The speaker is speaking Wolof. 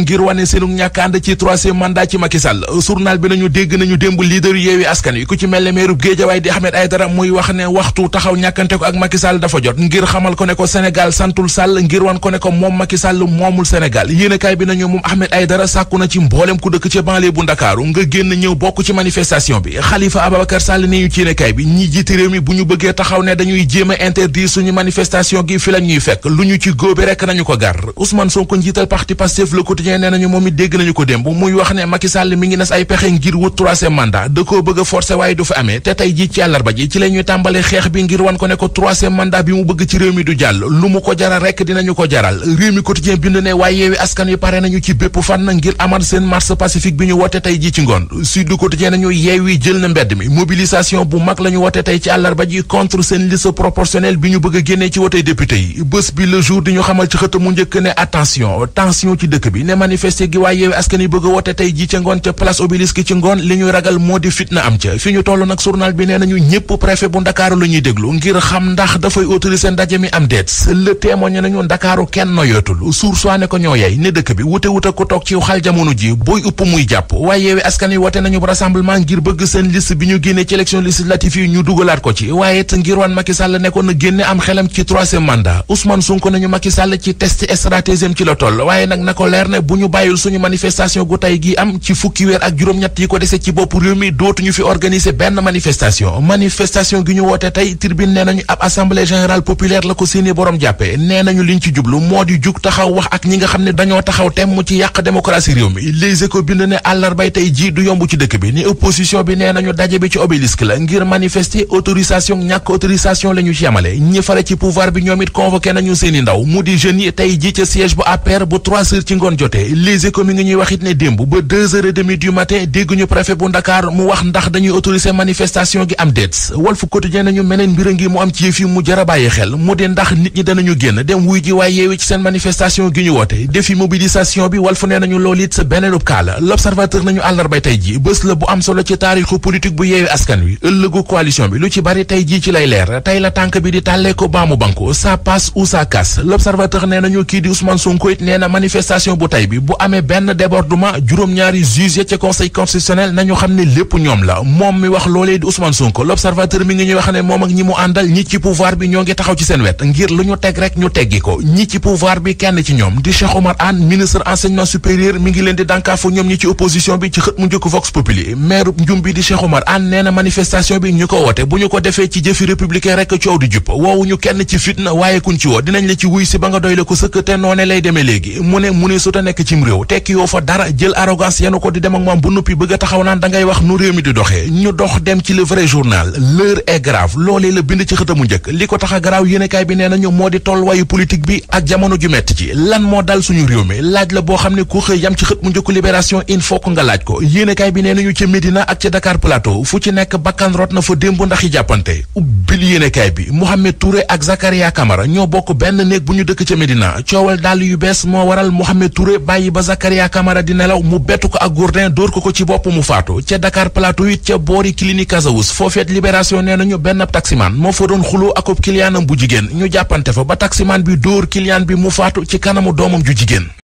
ngir wane seenu ñàkk ànd ci troisième mandat ci Macky Sall journal bi nañu dégg nañu démb leader yeewi askan wi ku ci mel ne meeru Géejawaay di Ahmed Aïdara muy wax ne waxtu taxaw ñàkkante ko ak Macky Sall dafa jot ngir xamal ko ne ko Sénégal santul Sall ngir wan ko ne ko moom Macky Sall moomul Sénégal yéenekaay bi nañu moom Ahmed Aïdara sàkku na ci mboolem ku dëkk ci banlieue bu Ndakaaru nga génn ñëw bokk ci manifestation bi xalifa Ababacar Sall ne ñu ci yéenekaay bi ñi bu ñu bëggee taxaw ne dañuy jéem a interdire suñu manifestation gi fi la ñuy fekk lu ñu ci góobe rekk nañu ko gar Quotidien nee nañu moom it dégg nañu ko démb muy wax ne Macky Sall mi ngi ne ay pexe ngir wut troisième mandat da koo bëgg a waaye du fi amee te tey ji ci àllarba ji ci la ñuy tàmbalee xeex bi ngir wan ko ne ko troisième mandat bi mu bëgg ci réew mi du jàll lu mu ko jaral rekk dinañu ko jaral réew mi Quotidien bind ne waaye yeewi askan wi pare nañu ci bépp fànn ngir aman seen marche pacifique bi ñu woote tey ji ci ngoon Sud Quotidien nañu yeewi jël na mbedd mi mobilisation bu mag la ñu woote tey ci àllarba ji contre seen liste bi ñu bëgg a génnee ci député yi bés bi le jour di ñu xamal ci xët mu njëkk ne attention tension ci dëkk bi manifester gi waa yeewi askan yi bëgg a woote ji ca ngoon ca place obélisque ci ngoon li ñuy ragal moo di fitna am ca fi ñu toll nag journal bi nee nañu ñëpp préfet bu ndakaaru la ñuy déglu ngir xam ndax dafay autoriser ndaje mi am deet le témoigné nañu ndakaaru kenn noyootul source ne ko ñoo yay ne dëkk bi wute wute ko toog ci xal jamono ji booy upp muy jàpp waaye yeewi askan yi woote nañu rassemblement ngir bëgg seen liste bi ñu génnee ci ñu dugalaat ko ci waaye it ngir waan Macky Sall nekkoon na génne ci troisième mandat Ousmane Sonko nañu Macky Sall ci test stratégie ci la toll waaye nag na bu ñu bàyyil suñu manifestation gu tey gi am ci fukki weer ak juróom-ñett yi ko dese ci bopp réew mi dootuñu fi organiser benn manifestation manifestation gi ñu woote tey tirbin nee nañu ab assemblée générale populaire la ko seeni borom jàppe nee nañu liñ ci jublu moo di jug taxaw wax ak ñi nga xam ne dañoo taxaw temm ci yàq démocratie réew mi Les Échos bind ne àllarbay tey ji du yomb ci dëkk bi ni opposition bi nee nañu daje bi ci obélisque la ngir manifester autorisation ñàkk autorisation la ñu ci yamale ñi fare ci bi ñoom it convoqué nañu seeni ndaw mu di jeunes yi tey ji ca siège bu ci ngoon jote jàppante eh, les économies ngi ñuy wax it ne démb ba deux heures et demie du matin dégguñu préfet bu Ndakaar mu wax ndax dañuy autoriser manifestation gi am déet Walf Quotidien nañu meneen mbir a ngi mu am ci yëf yi mu jar bàyyi xel mu de ndax nit ñi danañu génn dem wuy ji waaye yeewi ci seen manifestation gi ñu woote defi mobilisation bi Walf nee nañu lool it sa beneen ubkaal L'Observateur nañu àllarbay tey ji bés la bu am solo ci taarixu politique bu yeewi askan wi ëllëgu coalition bi lu ci bari tey jii ci lay leer tey la tànk bi di tàllee ko baamu banko ça passe ou ça casse L'Observateur nee nañu kii di Ousmane Sonko nee na manifestation bu tey bi bu amee benn débordement juróom-ñaari juge ca conseil constitutionnel nañu xam ne lépp ñoom la moom mi wax loolee di Ousmane Sonko l'observateur mi ngi ñu wax ne moom ak ñi mu àndal ñi ci pouvoir bi ñoo ngi taxaw ci seen wet ngir lu ñu teg rek ñu teggi ko ñi ci pouvoir bi kenn ci ñoom di Cheikh Omar Anne ministre enseignement supérieur mi ngi leen di dànkaafu ñoom ñi ci opposition bi ci xët mu njëkk Vox Populi maire njum bi di Cheikh Omar Anne nee na manifestation bi ñu ko woote bu ñu ko defee ci jëfi républicain rek coow di jub ñu kenn ci fitna waaye kuñ ci woo dinañ la wuy ba nga doy ko sëkk te lay demee léegi mu nekk cim réew tekki yoo fa dara jël arrogance yenu ko di dem ak moom bu noppi bëgg a taxaw naan da wax nu réew mi di doxee ñu dox dem ci le journal l'heure est grave loolee la bind ci xëtamu njëkk li ko tax a garaaw yéenekaay bi nee nañu moo di tolluwaayu politique bi ak jamono ju metti ji lan moo dal suñu réew mi laaj la boo xam ne ku xëy yam ci xët mu njëkk libération il faut nga laaj ko yéenekaay bi nee nañu ca Médina ak ca Dakar Plateau fu ci bàyyi ba Zakaria Camara di nelaw mu bettu ko ak gourdin dóor ko ko ci bopp mu faatu ca Dakar Plateau it ca boori clinique Azawus foofeet libération nee nañu benn taximaan moo fa doon xuloo ak ab kiliyaanam bu jigéen ñu jàppante fa ba taximaan bi dóor kiliyaan bi mu faatu ci kanamu doomam ju jigéen